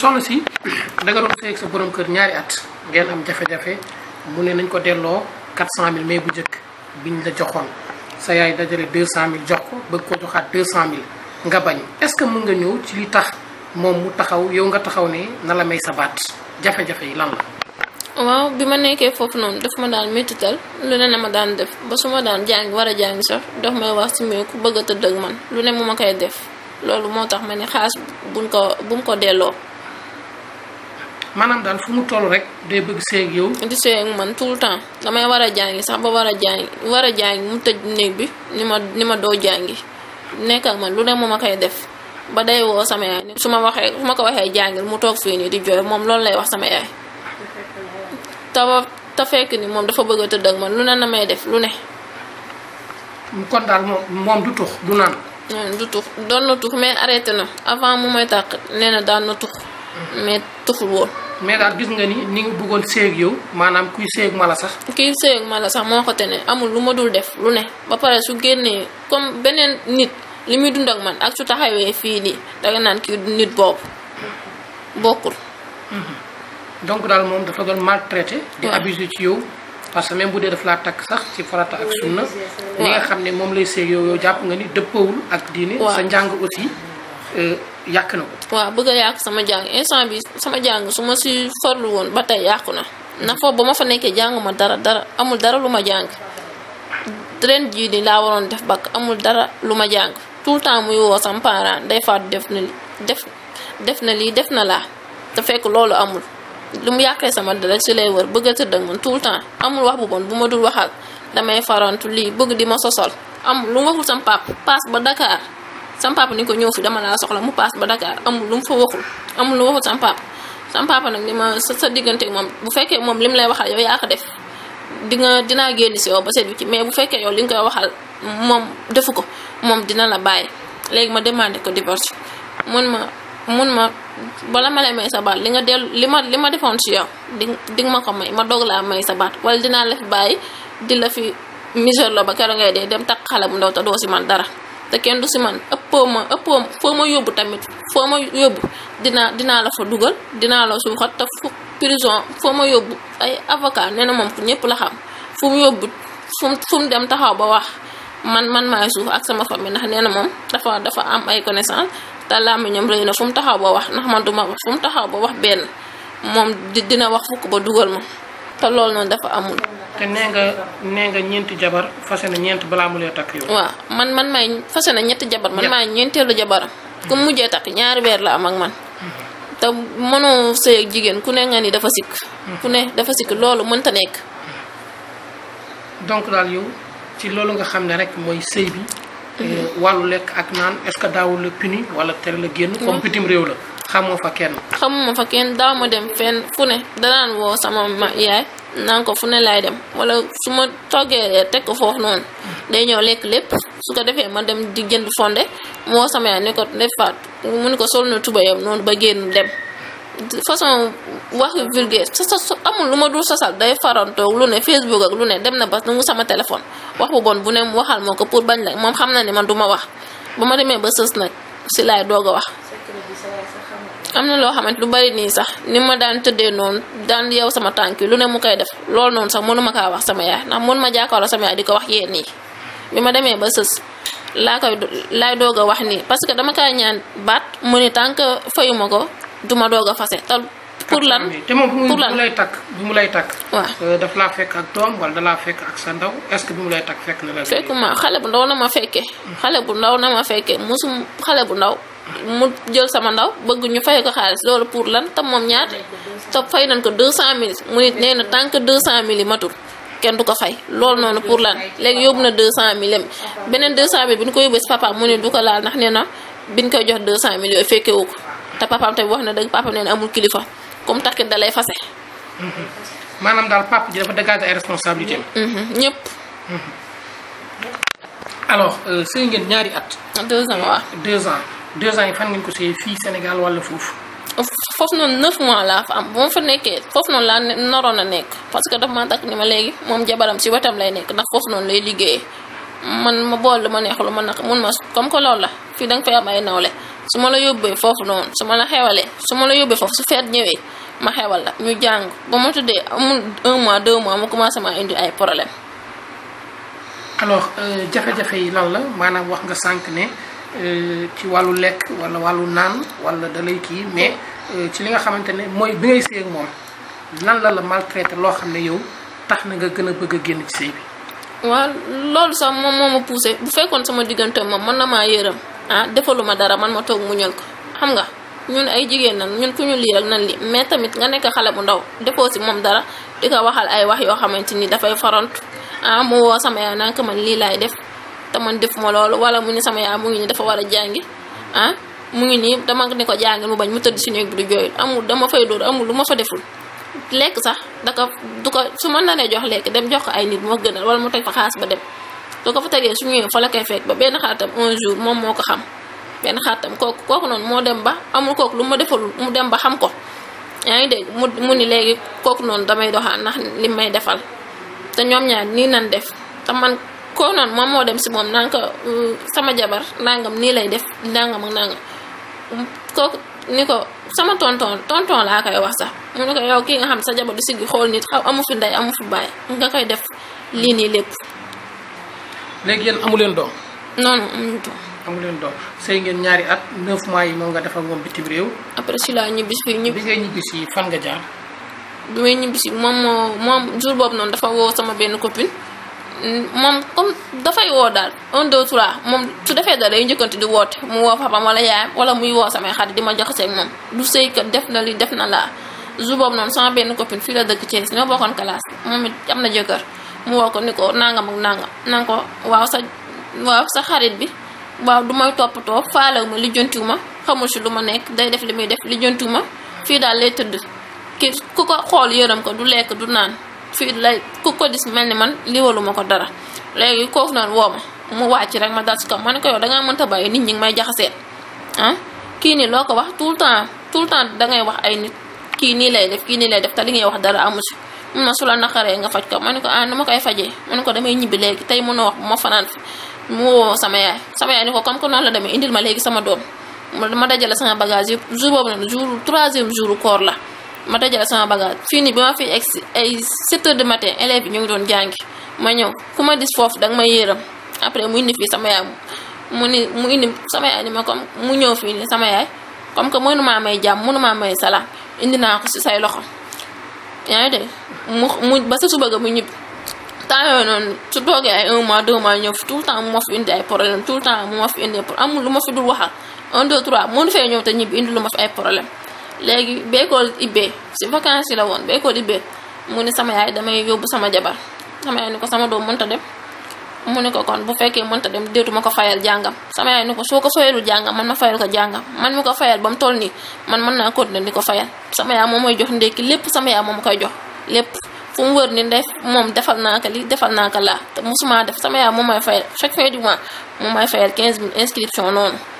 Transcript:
soxna si da doon sëy ak sa boroom kër ñaari at ngeen am jafe-jafe mu ne nañ ko delloo 400000 mais bu njëkk ñu la joxoon sa yaay dajale 200000 jox ko bëgg ko joxaat 200000 nga bañ est-ce que mën nga ñëw ci li tax moom mu taxaw yow nga taxaw ne na la may sa baat jafe-jafe yi lan la. waaw bi ma nekkee foofu noonu daf ma daan méttital lu ne na ma daan def ba su ma daan jàng war a jàng sax daf may wax si ku bëgg a tëdd ak man lu ne mu ma koy def loolu moo tax ma ne xaas buñ ko bu mu delloo. maanaam daal fu mu toll rek day bëgg seeg yow. di seeg man tout le temps damay war a jàngi sax ba war a jàngi war a jàngi mu tëj néeg bi ni ma ni ma doo jàngi nekk ak man lu ne mu ma koy def ba day woo sama yaay su ma waxee su ma ko waxee jàngil mu toog fii nii di jooy moom loolu lay wax sama yaay. te te fekk ni moom dafa bëgg a tëdd ak man lu ne na may def lu ne. kon daal moom moom du tux du naan. du tux doon na tux mais arrêté na avant mu may tàq nee na daan mais tuful woon mais daal gis nga ni ni nga bëggoon seeg yow maanaam kuy seeg mala sax kuy seeg mala sax moo ko tene amul lu ma dul def lu ne ba pare su génnee comme beneen nit li muy dund ak man ak su taxawee fii nii da nga naan kii nit boobu bokkul mhm. donc daal moom dafa doon maltraité di abusé ci yow parce que même bu dee daf laa takk sax ci farata ak sunna li nga xam ne moom lay seeg yow yow jàpp nga ni dëppawul ak diine sa njàng aussi Euh, yàq na ko. waaw bëgg a yàq sama jàng instant bi sama jàng su ma si farlu woon ba tey yàqu na na foofu ba ma fa nekkee jàng ma dara dara amul dara lu ma jàng ren jii nii laa waroon def bakk amul dara lu ma jàng tout le temps muy woo sama parent day faatu def na def def na lii def na laa te loolu amul lu mu yàqee sama dara lay wër bëgg tëdd ak tout le temps amul wax bu bu ma dul waxal damay farantu lii bëgg di ma sosol am lu ma waxul sama paas ba Dakar. sama papa ni ko ñëw fi dama laa soxla mu paas ba Dakar amul lu mu fa waxul amul lu waxul sama papa sama nag ni ma sa sa diggante moom bu fekkee moom li mu lay waxal yow yaa ko def di nga dinaa génn si yow ba seet ci mais bu fekkee li nga koy waxal moom defu ko moom dina la bàyyi léegi ma demandé ko divorce mun ma mun ma bala ma lay may sa baat li nga dellu li ma li ma defoon si di di ma ko may ma doog laa may sa baat wala dinaa la bàyyi di la fi misère la ba keroog ngay dee dem takk xale bu ndaw ta doo si man dara te kenn du si man ëppoo ma ëppoo foo ma yóbbu tamit foo ma yóbbu dinaa dinaa la fa dugal dinaa la suuxat te fu prison foo ma yóbbu ay avocat nee na moom ñëpp la xam fu yóbbu fu mu dem taxaw ba wax man man maay suuf ak sama famille ndax nee na moom dafa dafa am ay connaissance te làmmiñ ñoom rëy na fu taxaw ba wax ndax man duma wax fu taxaw ba wax benn moom dina wax fukk ba dugal ma te loolu noonu dafa amul te nee nga nee nga ñeenti jabar fase na ñeent balaa mu lay takk yow. waaw man man may fase na ñetti jabar man maa ñeenteelu jabaram. ku mujjee takk ñaari weer la am ak man. te mënoo sëy ak jigéen ku ne nga ni dafa sik ku ne dafa sikk loolu mënta nekk. donc daal yow ci loolu nga xam rek mooy sëy bi. Mhm. Eh, wàllu lekk ak naan est ce que daawul la puni wala tere la génn. comme bitim réew la. xamoo fa kenn. xamuma fa kenn daaw ma dem fenn fu ne danaan woo sama ma yaay naan ko fu ne laay dem wala su ma toggee teg ko foofu noonu. day ñëw lekk lépp su ko defee ma dem di jënd fonde moo sama yaay ne ko defaat mu ne ko sol na tubayam noonu ba génn dem. façon wax vulgaire sa sa amul lu ma dul sosal day farantoog lu ne Facebook ak lu ne dem na ba mu sama téléphone wax bu bon bu ne mu waxal ma ko pour bañ la moom xam na ne man du ma wax ba ma demee ba sës nag. si laay doog a wax. am na loo xamante lu bari nii sax ni ma daan tëddee noonu daan yow sama tànk lu ne mu koy def loolu noonu sax mënu ma kaa wax sama yaay ndax mënu ma jàkkaarloo sama yaay di ko wax yéen nii bi ma demee ba sës laa koy laay doog a wax nii parce que dama kaa ñaan baat mu ni tant que fayu ko du ma doog a fase pour lan te moom pour lan lay takk bi mu lay takk. waaw euh, daf laa fekk ak doom wala da laa fekk ak sa ndaw est ce que bi mu lay takk fekk na la. fekk ma xale bu ndaw na ma fekkee. xale bu ndaw na ma fekkee mosum xale bu ndaw. mu jël sama ndaw bëgg ñu fay ko xaalis loolu pour lan te moom ñaata te fay nañ ko 200000 mu nit nee na tant que 200000 yi matul kenn du ko fay loolu noonu pour lan léegi yóbbu na 200000 am beneen 200000 bi ñu ko yóbbee si papa mu ne du ko laal ndax nee na bi ñu koy jox 200000 yooyu fekke wu ko te papaam tamit wax na dëgg papaam nee amul kilifa. comme takk dalay fase mhm. maanaam daal papa ji dafa dégager ay responsabilités mhm, ñëpp mhm. alors euh, sëy ngeen ñaari at deux ans waaw deux ans deux ans yi fan ngeen ko sëy fii Sénégal wala foofu foofu noonu neuf mois laa fa am bu ma fa nekkee foofu noonu laa naroon a nekk parce que dafa ma takk ni ma léegi moom jabaram si wetam lay nekk ndax foofu noonu lay liggéeyee man ma bool lu ma neex lu ma naq mun ma comme que loolu la fii da nga am ay nawle su ma la yóbbee foofu noonu su ma la xewalee su ma la yóbbee foofu su feet ñëwee ma xewal la ñu jàng ba ma tuddee amul un mois deux mois ma commencé ma indi ay problème alors euh, jafe-jafe yi lan la maanaam wax nga sànq ne euh, ci wàllu lekk wala wàllu naan wala da kii mais euh, ci li nga xamante ne mooy bi ngay sëy moom lan la la maltraité loo xam ne yow tax na nga gën a bëgg a génn ci sëy bi. waaw loolu sax moom moo ma poussé bu fekkoon sama diggante moom mën na maa yërëm. ah defaluma dara man ma toog mu muñal ko xam nga ñun ay jigéen nan ñun ku ñu lii rek nan mais tamit nga nekk xale bu ndaw defoo si moom dara di ko waxal ay wax yoo xamante nii dafay farant ah mu woo sama man lii laay def te man def ma wala mu ni sama yaay mu ngi nii dafa war a jàngi ah mu ngi nii dama ni ko jàngil mu bañ mu tëdd si néeg bi du jooyul amul dama fay dóor amul lu ma fa deful lekk sax da du ko su ma naree jox lekk dem jox ko ay nit moo gënal wala mu teg fa xaas ba dem soo ko fa tegee su ñëwee fa la koy fekk ba benn xaritam un moom moo ko xam benn xaritam kooku kooku noonu moo dem ba amul kooku lu ma defalul mu dem ba xam ko yaa ngi dégg mu mu ni léegi kooku noonu damay doxaan ndax li may defal te ñoom ñaar nii nan def te man koo noonu moom moo dem si moom naan euh, sama jabar nangam nii lay def ndangam ak nangam kooku ni ko sama tonton tonton laa koy wax sax mu ne ko yow kii nga xam sa jabar du siggi xool nit amu fi ndey amu fi bàyyi nga léegi yéen amu leen doom. non non doom. leen doom sëy ngeen ñaari at 9 mois yi moom nga def ak moom bitim réew. après si laa ñibbi si ñibbi. bi ngay ñibbi si fan nga jaar. bi may ñibbi si moom moo moom jour boobu noonu dafa woo sama benn copine. moom comme dafay woo daal un deux moom su defee daal day njëkkante di woote mu woo papam wala yaayam wala muy woo samay xarit di ma jox ak moom du sëykat def na li def na la jour boobu noonu sama benn copine fii la dëkk Thiès ñoo bokkoon classe moom it am na jëkkër mu woo ko ni ko nangam ak nangam nanga ko waaw sa waaw sa xarit bi waaw du may toppatoo faalew ma lijjantiw ma xamul si lu ma nekk day def li muy def lijjantiw ma fii daal lay tëdd ki ku ko xool yërëm ko du lekk du naan fii lay ku ko gis mel ni man liwalu ma ko dara léegi kooku noonu woo ma mu wàcc rek ma dal si kaw ma ne ko yow dangaa mënta bàyyi nit ñi ngi may jaxasee ah kii nii loo ko wax tout le temps tout le temps dangay wax ay nit kii nii lay def kii nii lay def te li ngay wax dara amu si mun ma su la naqaree nga faj ko ma ne ko ah nu ma koy fajee ma ne ko damay ñibbi léegi tey mën ma fanaan fi mu woo sama yaay sama yaay ni ko comme que noonu la demee indil ma léegi sama doom ma dajale sama bagage yëpp jour boobu nag jour troisième jour koor la ma dajale sama bagage fii nii bi ma fi egg ay 7 heures du matin élèves yi ngi doon jàngi ma ñëw ku ma dis foofu danga ma yéeram après mu indi fii sama yaay mu ni mu indi sama yaay ni mu ñëw fii ni sama comme que mënu maa may jàmm mënu maa may salaam indi naa ko si say loxo yaa ngi dégg mu mu ba sa suba ga mu ñibbi temps yooyu noonu su toogee ay un mois deux mois ñëw tout le temps mu ma fi indi ay problème tout le temps mu ma fi indi amul lu ma fi dul waxal un deux trois mënu fee ñëw te ñibbi indi lu ma fi ay problème léegi béykool ibbee si vacances yi la woon béykool ibbee mu ne sama yaay damay yóbbu sama jabar sama yaay ni ko sama doom mënta dem mu ne ko kon bu fekkee mënta dem déetuma ko fayal jàngam sama yaay ni ko soo ko sooyalul jàngam man ma fayal ko jàngam man mi ko fayal ba mu toll nii man mën naa continuer di ko fayal sama yaay moom mooy jox ndékki lépp sama yaay moom koy jox lépp fu mu wër ni ndef moom defal naa ko lii defal naa ko laa te musuma def sama yaay moom may fayal chaque fin du mois moom may fayal 15000 inscription noonu